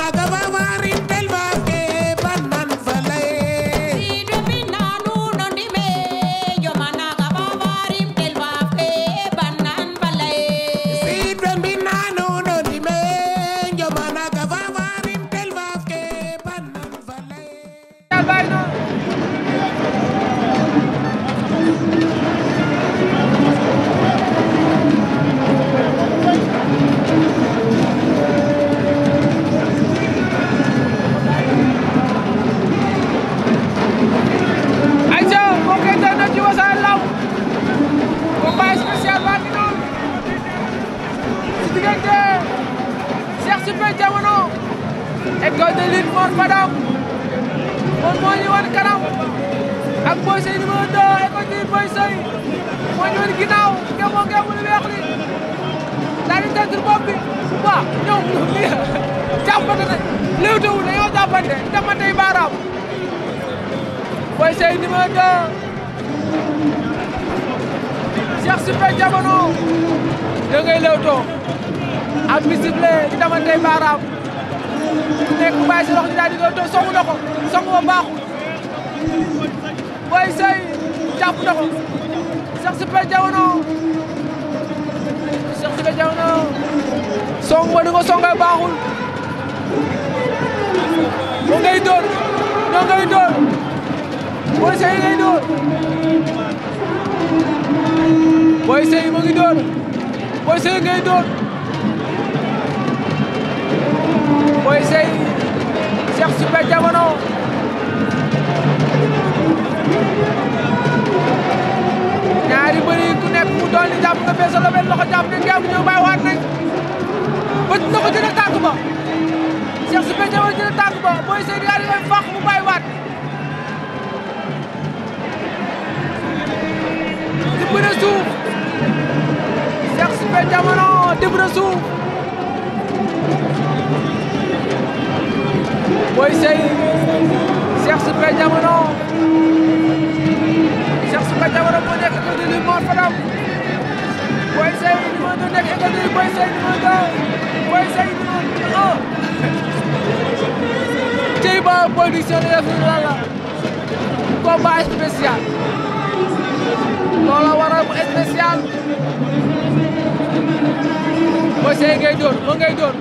Monaga dégg bopp bi bu baax ñoom ñoom jàppante ne léegi teewul dañoo jàppante jàppante yi baaraam Boy Seye numéro 2 Cheikh Super Diamono da ngay léewtoo ak visible di damantey baaraam ku nekk bu bàyyi si loxo di daal di léewtoo songu na ko songu ba baaxul Boy Seye jàpp na ko Cheikh Super Diamono song ba ni nga songee baaxul mu ngay dóor ñoo ngay dóor Boy Seye ngay dóor Boy Seye mu ngi dóor Boy Seye ngay dóor Boy Seye Cheikh Jawara moo nekk école de lutte Mor Fadam Boy Seye numéro 2 nekk école de lutte Boy Seye numéro 2 Boy Seye numéro 1 tey ba production def lan la combat spécial loolu waral bu spécial Boy Seye moo ngay dóor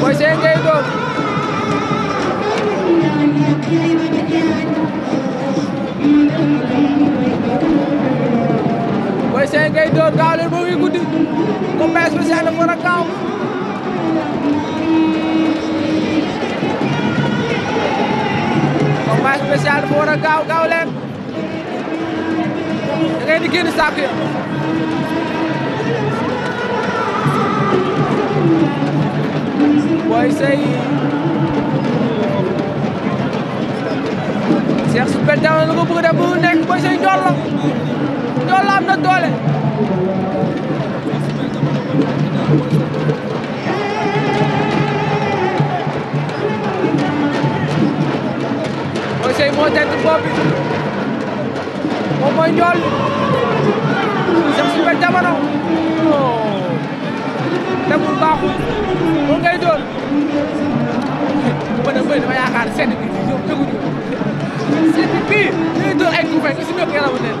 Boy Seye ngay dóor Dieng ngay door gaaw leen ba muy guddi combat spécial dafa war a gaaw combat spécial di génn sàkk ya Boy Seye Cheikh Super Diaw la ko bëgg a def nekk Boy Seye njool la am na doole mooy sey moo tedd bopp bi moom mooy njool Cheikh Super Diamono oh. demul baaxul moom ngay doon mën a bëri dama yaakaar sedd bi ñoom teguñu sedd bi ñuy doon ay coupé nga si ñoom yaramu neen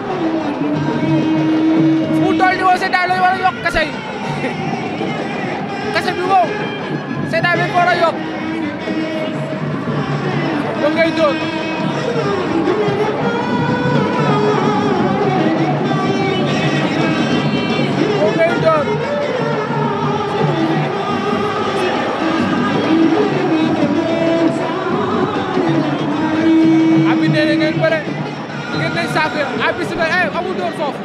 fu mu toll nii woo seddaay loolu war a yokk kese yi ko seetaay bi war a yokk ba ngay dóor ba ngay dóor abi nee na ngeen bëre ngeen nañ saako yow abi si ba eh, amul dóor foofu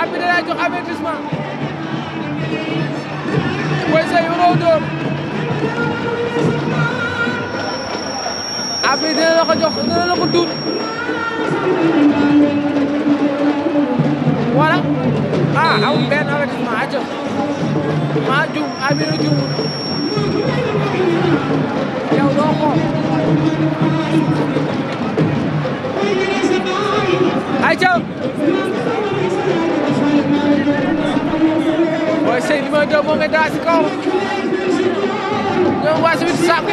abi da lay jox avertissement kaw dóor affaire yi dina la ko jox dina la ko tuut wala ah amul benn avertissement acca maa jum jum yow doo xool Boy Seye numéro 2 moo ngi daal si ñoom waa Sibiti Sakk ya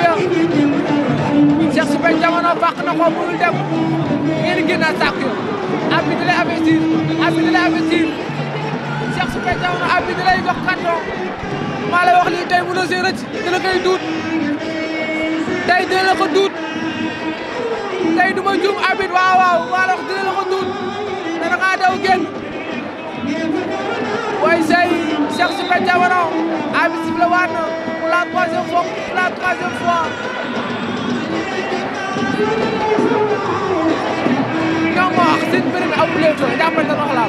Cheikh Super Diamono fàq na ko mënul dem ngeen génnaat Sakk ya arbitre lay avertir arbitre lay avertir Cheikh Super Diamono arbitre lay jox carton maa lay wax lii tey mën na see rëcc dina duut tey dina la duut tey du ma juum arbitre waaw waaw maa wax dina la duut dana ngaa daw génn Boy Seye Cheikh Super Diamono arbitre sifflé waat na pour la troisième fois pour la troisième fois ñoom moo wax seen bëri na amul léegi jàppal na wax la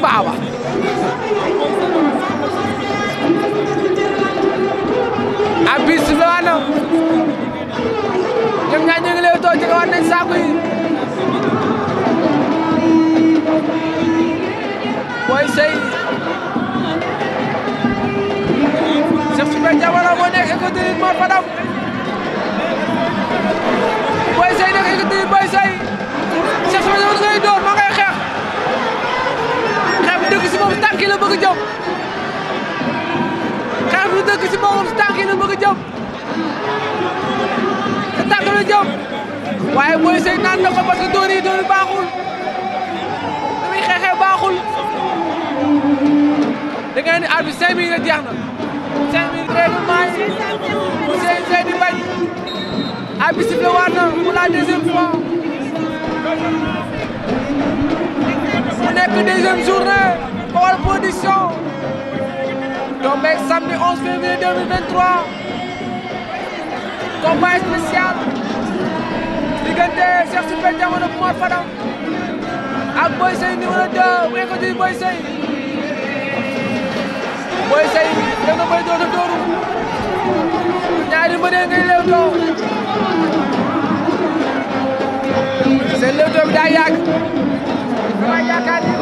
Kumbawa. abis bi waat na ñoom ñaar ñu ngi lay too jege waat nañ saako yi Boy Seye Chef Super Diamano moo nekk écurie Mor Fadam Boy Seye nekk écurie Boy Seye Chef Super Diamano ngay door bëgg a jëm xeex du dëgg si te tànk jëm waaye Boy Seye naan na ko parce que baaxul da baaxul da ngay ni at bi cinq minutes jeex na cinq minutes règlement yi CNG di bañ at bi sifflé waat na pour la deuxième fois mu nekk deuxième journée Baol Production tombé samedi 11 février 2023 combat spécial diggante Cheikh Super Diamono bu Mor Fadam ak Boy Seye numéro 2 bu ngeen ko jëlee Boy Seye Boy Seye da nga koy doon dooru ñaari mbër yi ngay leew too seen leew too bi daa yàgg dama yaakaar ni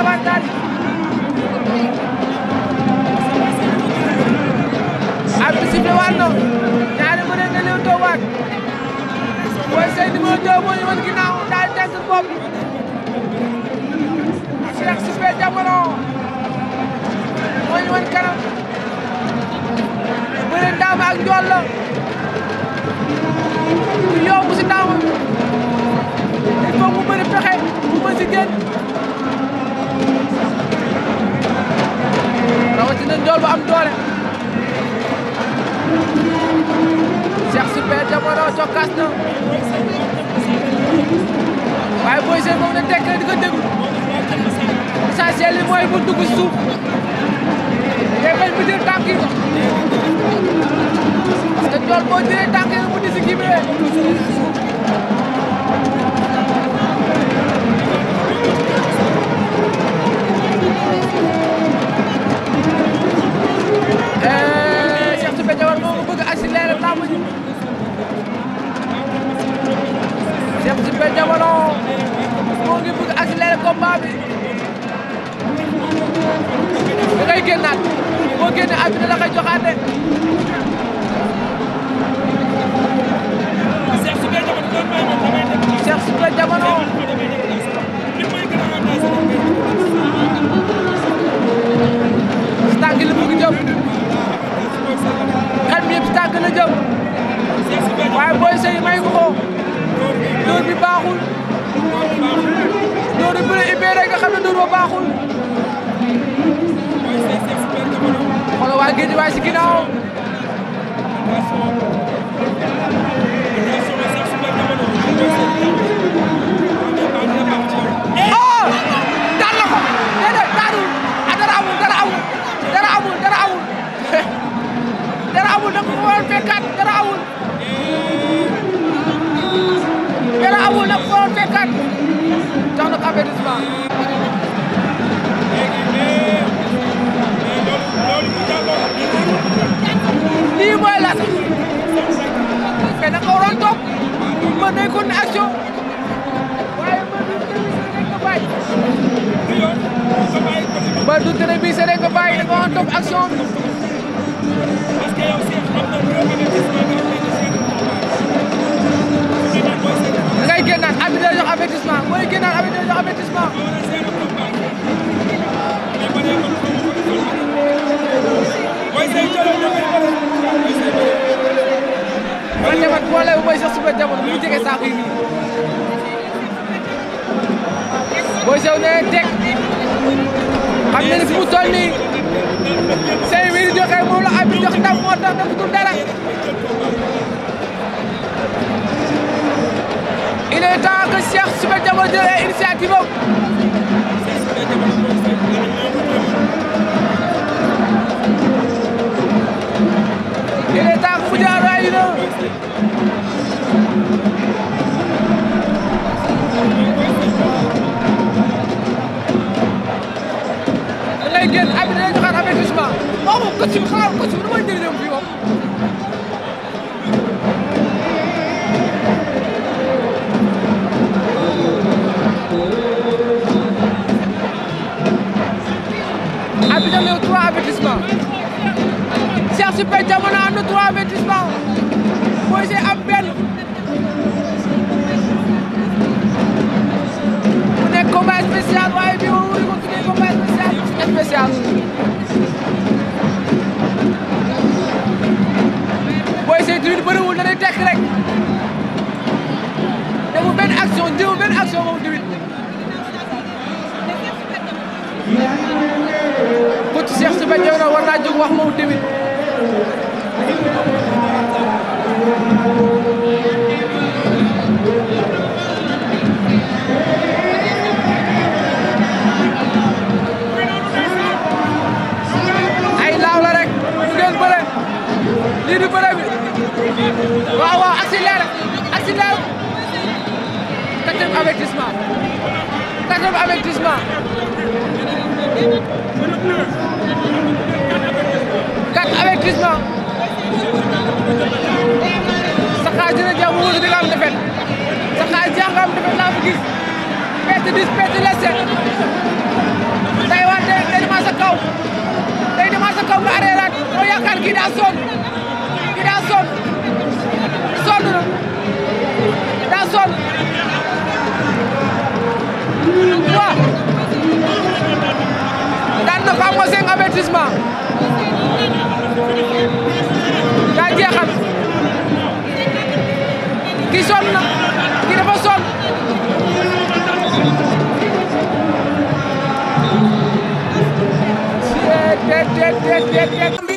avanzar. Sène moom na tekk di ko déglu essentiel li mooy mu dugg suuf day bañ mu jël tànk yi ko parce que tool boo jëlee tànk yi mu di si gibiwee eh, Cheikh Tidiane Diawara moo ko bëgg accélérer làmb ji combat bi da ngay génnaat boo génne at bi da la koy joxaat de. Cheikh Super Diamono. si tànk li bëgg jëm. xel mi yëpp si tànk la jëm. waaye booy sey may ko ko. loolu bi baaxul. bi bu la ubbee rek nga xam ne dóor ba baaxul. xoolal waa géej waaye si ginnaaw. ah daan na ko déedéet daanul ah dara amul dara amul dara amul dara amul dara amul da nga ko waroon fekkaat dara amul. dara amul da nga ko waroon fekkaat. genre lii mooy la sax mais da nga waroon toog mën nañ ko ne action waaye mën nañ ko ne nga bàyyi. ba du tere bi sa rek nga bàyyi mooy génnaat avec des avertissements. man de man boole bu may sax su ma demoon bu jege saako yi nii. Boy jëlee initiative am. il est temps que Kouthia raayu na. da ngay génn arbitre dañuy joxe avertissement. waaw moom coach bi xaaral coach bi nu may njëriñam fii moom. arbitre na trois avertissement Cheikh Super am na trois avertissement Boy Seye am avertissement. 4 avertissement. Saxaar dina jàmm wóolu di nga am defet Saxaar jàng am defet laa fi gis. perte 10 perte la set. day wante day demaat sa kaw. day demaat sa kaw nga arrêté waat moo yaakaar kii daa sonn. avertissement daa jeexal ki sonn na ki dafa sonn déet déet déet déet